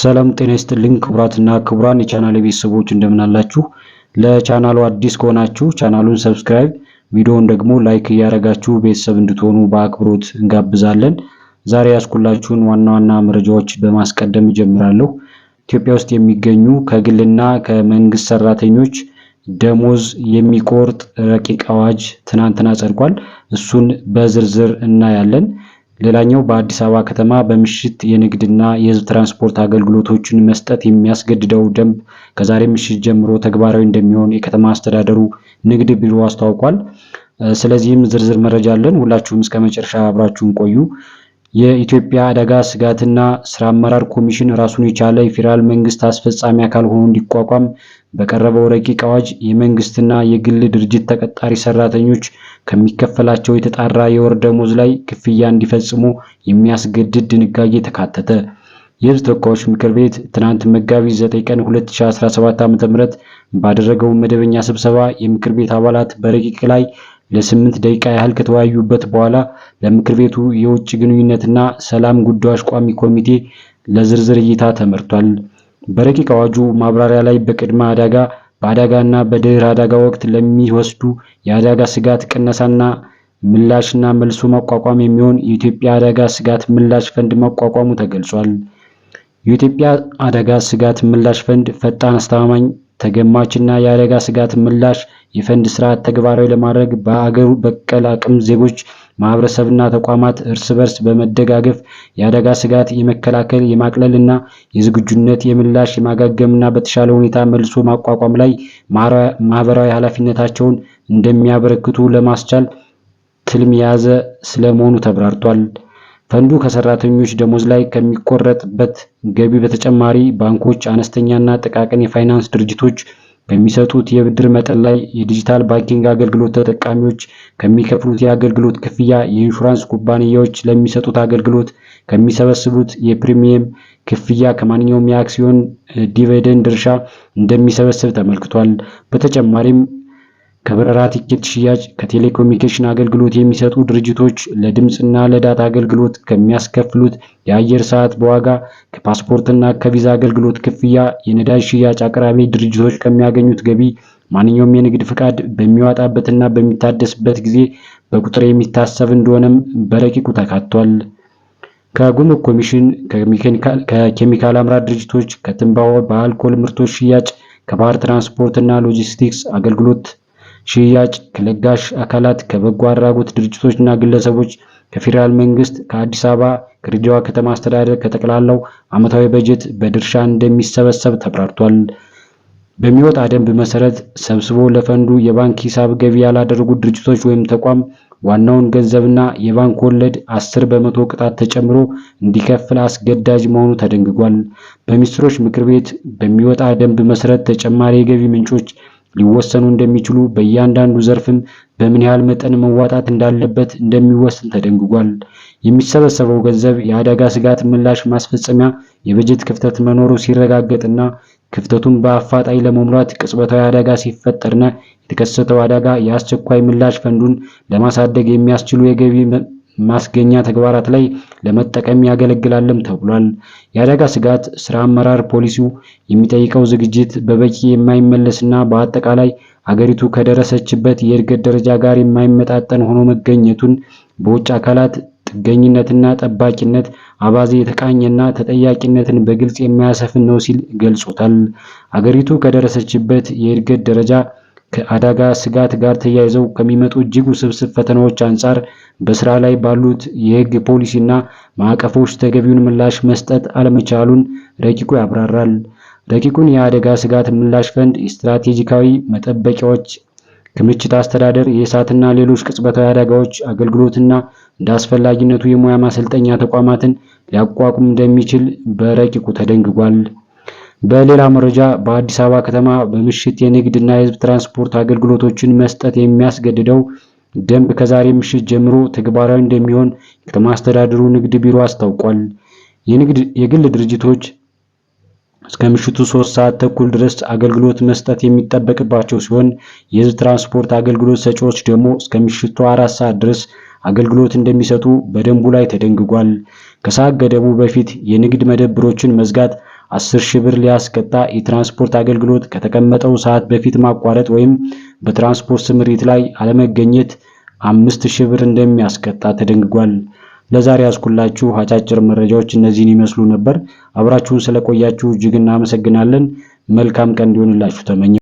ሰላም ጤና ይስጥልኝ ክቡራትና ክቡራን የቻናል ቤተሰቦች እንደምናላችሁ። ለቻናሉ አዲስ ከሆናችሁ ቻናሉን ሰብስክራይብ፣ ቪዲዮውን ደግሞ ላይክ እያደረጋችሁ ቤተሰብ እንድትሆኑ በአክብሮት እንጋብዛለን። ዛሬ ያስኩላችሁን ዋና ዋና መረጃዎች በማስቀደም እጀምራለሁ። ኢትዮጵያ ውስጥ የሚገኙ ከግልና ከመንግስት ሰራተኞች ደሞዝ የሚቆርጥ ረቂቅ አዋጅ ትናንትና ጸድቋል። እሱን በዝርዝር እናያለን። ሌላኛው በአዲስ አበባ ከተማ በምሽት የንግድና የህዝብ ትራንስፖርት አገልግሎቶችን መስጠት የሚያስገድደው ደንብ ከዛሬ ምሽት ጀምሮ ተግባራዊ እንደሚሆን የከተማ አስተዳደሩ ንግድ ቢሮ አስታውቋል። ስለዚህም ዝርዝር መረጃ አለን። ሁላችሁም እስከ መጨረሻ አብራችሁን ቆዩ። የኢትዮጵያ አደጋ ስጋትና ስራ አመራር ኮሚሽን ራሱን የቻለ የፌዴራል መንግስት አስፈጻሚ አካል ሆኖ እንዲቋቋም በቀረበው ረቂቅ አዋጅ የመንግስትና የግል ድርጅት ተቀጣሪ ሰራተኞች ከሚከፈላቸው የተጣራ የወር ደሞዝ ላይ ክፍያ እንዲፈጽሙ የሚያስገድድ ድንጋጌ ተካተተ። የህዝብ ተወካዮች ምክር ቤት ትናንት መጋቢት 9 ቀን 2017 ዓ.ም ባደረገው መደበኛ ስብሰባ የምክር ቤት አባላት በረቂቅ ላይ ለስምንት ደቂቃ ያህል ከተወያዩበት በኋላ ለምክር ቤቱ የውጭ ግንኙነትና ሰላም ጉዳዮች ቋሚ ኮሚቴ ለዝርዝር እይታ ተመርቷል። በረቂቅ አዋጁ ማብራሪያ ላይ በቅድመ አደጋ፣ በአደጋ እና በድህረ አደጋ ወቅት ለሚወስዱ የአደጋ ስጋት ቅነሳና ምላሽና መልሶ ማቋቋም የሚሆን የኢትዮጵያ አደጋ ስጋት ምላሽ ፈንድ መቋቋሙ ተገልጿል። የኢትዮጵያ አደጋ ስጋት ምላሽ ፈንድ ፈጣን፣ አስተማማኝ ተገማችና የአደጋ ስጋት ምላሽ የፈንድ ስርዓት ተግባራዊ ለማድረግ በአገር በቀል አቅም ዜጎች፣ ማህበረሰብና ተቋማት እርስ በርስ በመደጋገፍ የአደጋ ስጋት የመከላከል፣ የማቅለልና የዝግጁነት፣ የምላሽ፣ የማጋገምና በተሻለ ሁኔታ መልሶ ማቋቋም ላይ ማህበራዊ ኃላፊነታቸውን እንደሚያበረክቱ ለማስቻል ትልም የያዘ ስለመሆኑ ተብራርቷል። ፈንዱ ከሰራተኞች ደሞዝ ላይ ከሚቆረጥበት ገቢ በተጨማሪ ባንኮች አነስተኛና ጥቃቅን የፋይናንስ ድርጅቶች በሚሰጡት የብድር መጠን ላይ፣ የዲጂታል ባንኪንግ አገልግሎት ተጠቃሚዎች ከሚከፍሉት የአገልግሎት ክፍያ፣ የኢንሹራንስ ኩባንያዎች ለሚሰጡት አገልግሎት ከሚሰበስቡት የፕሪሚየም ክፍያ ከማንኛውም የአክሲዮን ዲቪደንድ ድርሻ እንደሚሰበስብ ተመልክቷል። በተጨማሪም ከበረራ ቲኬት ሽያጭ ከቴሌኮሙኒኬሽን አገልግሎት የሚሰጡ ድርጅቶች ለድምፅና ለዳታ አገልግሎት ከሚያስከፍሉት የአየር ሰዓት በዋጋ ከፓስፖርትና ከቪዛ አገልግሎት ክፍያ የነዳጅ ሽያጭ አቅራቢ ድርጅቶች ከሚያገኙት ገቢ ማንኛውም የንግድ ፍቃድ በሚዋጣበትና በሚታደስበት ጊዜ በቁጥር የሚታሰብ እንደሆነም በረቂቁ ተካቷል። ከጉምሩክ ኮሚሽን ከኬሚካል አምራች ድርጅቶች ከትንባሆ በአልኮል ምርቶች ሽያጭ ከባህር ትራንስፖርት እና ሎጂስቲክስ አገልግሎት ሽያጭ ከለጋሽ አካላት፣ ከበጎ አድራጎት ድርጅቶች እና ግለሰቦች፣ ከፌዴራል መንግስት፣ ከአዲስ አበባ ከድሬዳዋ ከተማ አስተዳደር ከጠቅላላው ዓመታዊ በጀት በድርሻ እንደሚሰበሰብ ተብራርቷል። በሚወጣ ደንብ መሰረት ሰብስቦ ለፈንዱ የባንክ ሂሳብ ገቢ ያላደረጉ ድርጅቶች ወይም ተቋም ዋናውን ገንዘብና የባንክ ወለድ 10 በመቶ ቅጣት ተጨምሮ እንዲከፍል አስገዳጅ መሆኑ ተደንግጓል። በሚኒስትሮች ምክር ቤት በሚወጣ ደንብ መሰረት ተጨማሪ የገቢ ምንጮች ሊወሰኑ እንደሚችሉ በእያንዳንዱ ዘርፍም በምን ያህል መጠን መዋጣት እንዳለበት እንደሚወሰን ተደንግጓል። የሚሰበሰበው ገንዘብ የአደጋ ስጋት ምላሽ ማስፈጸሚያ የበጀት ክፍተት መኖሩ ሲረጋገጥና ክፍተቱን በአፋጣኝ ለመሙላት ቅጽበታዊ አደጋ ሲፈጠርና የተከሰተው አደጋ የአስቸኳይ ምላሽ ፈንዱን ለማሳደግ የሚያስችሉ የገቢ ማስገኛ ተግባራት ላይ ለመጠቀም ያገለግላልም ተብሏል። የአደጋ ስጋት ስራ አመራር ፖሊሲው የሚጠይቀው ዝግጅት በበቂ የማይመለስና በአጠቃላይ አገሪቱ ከደረሰችበት የእድገት ደረጃ ጋር የማይመጣጠን ሆኖ መገኘቱን በውጭ አካላት ጥገኝነትና ጠባቂነት አባዜ የተቃኘና ተጠያቂነትን በግልጽ የሚያሰፍን ነው ሲል ገልጾታል። አገሪቱ ከደረሰችበት የእድገት ደረጃ ከአደጋ ስጋት ጋር ተያይዘው ከሚመጡ እጅግ ውስብስብ ፈተናዎች አንጻር በስራ ላይ ባሉት የህግ ፖሊሲና ማዕቀፎች ተገቢውን ምላሽ መስጠት አለመቻሉን ረቂቁ ያብራራል። ረቂቁን የአደጋ ስጋት ምላሽ ፈንድ፣ የስትራቴጂካዊ መጠበቂያዎች ክምችት አስተዳደር፣ የእሳትና ሌሎች ቅጽበታዊ አደጋዎች አገልግሎትና እንደ አስፈላጊነቱ የሙያ ማሰልጠኛ ተቋማትን ሊያቋቁም እንደሚችል በረቂቁ ተደንግጓል። በሌላ መረጃ በአዲስ አበባ ከተማ በምሽት የንግድ እና የህዝብ ትራንስፖርት አገልግሎቶችን መስጠት የሚያስገድደው ደንብ ከዛሬ ምሽት ጀምሮ ተግባራዊ እንደሚሆን የከተማ አስተዳደሩ ንግድ ቢሮ አስታውቋል። የግል ድርጅቶች እስከ ምሽቱ ሶስት ሰዓት ተኩል ድረስ አገልግሎት መስጠት የሚጠበቅባቸው ሲሆን የህዝብ ትራንስፖርት አገልግሎት ሰጪዎች ደግሞ እስከ ምሽቱ አራት ሰዓት ድረስ አገልግሎት እንደሚሰጡ በደንቡ ላይ ተደንግጓል። ከሰዓት ገደቡ በፊት የንግድ መደብሮችን መዝጋት አስር ሺህ ብር ሊያስቀጣ የትራንስፖርት አገልግሎት ከተቀመጠው ሰዓት በፊት ማቋረጥ ወይም በትራንስፖርት ስምሪት ላይ አለመገኘት አምስት ሺህ ብር እንደሚያስቀጣ ተደንግጓል። ለዛሬ ያስኩላችሁ አጫጭር መረጃዎች እነዚህን ይመስሉ ነበር። አብራችሁን ስለቆያችሁ እጅግ እናመሰግናለን። መልካም ቀን እንዲሆንላችሁ ተመኘ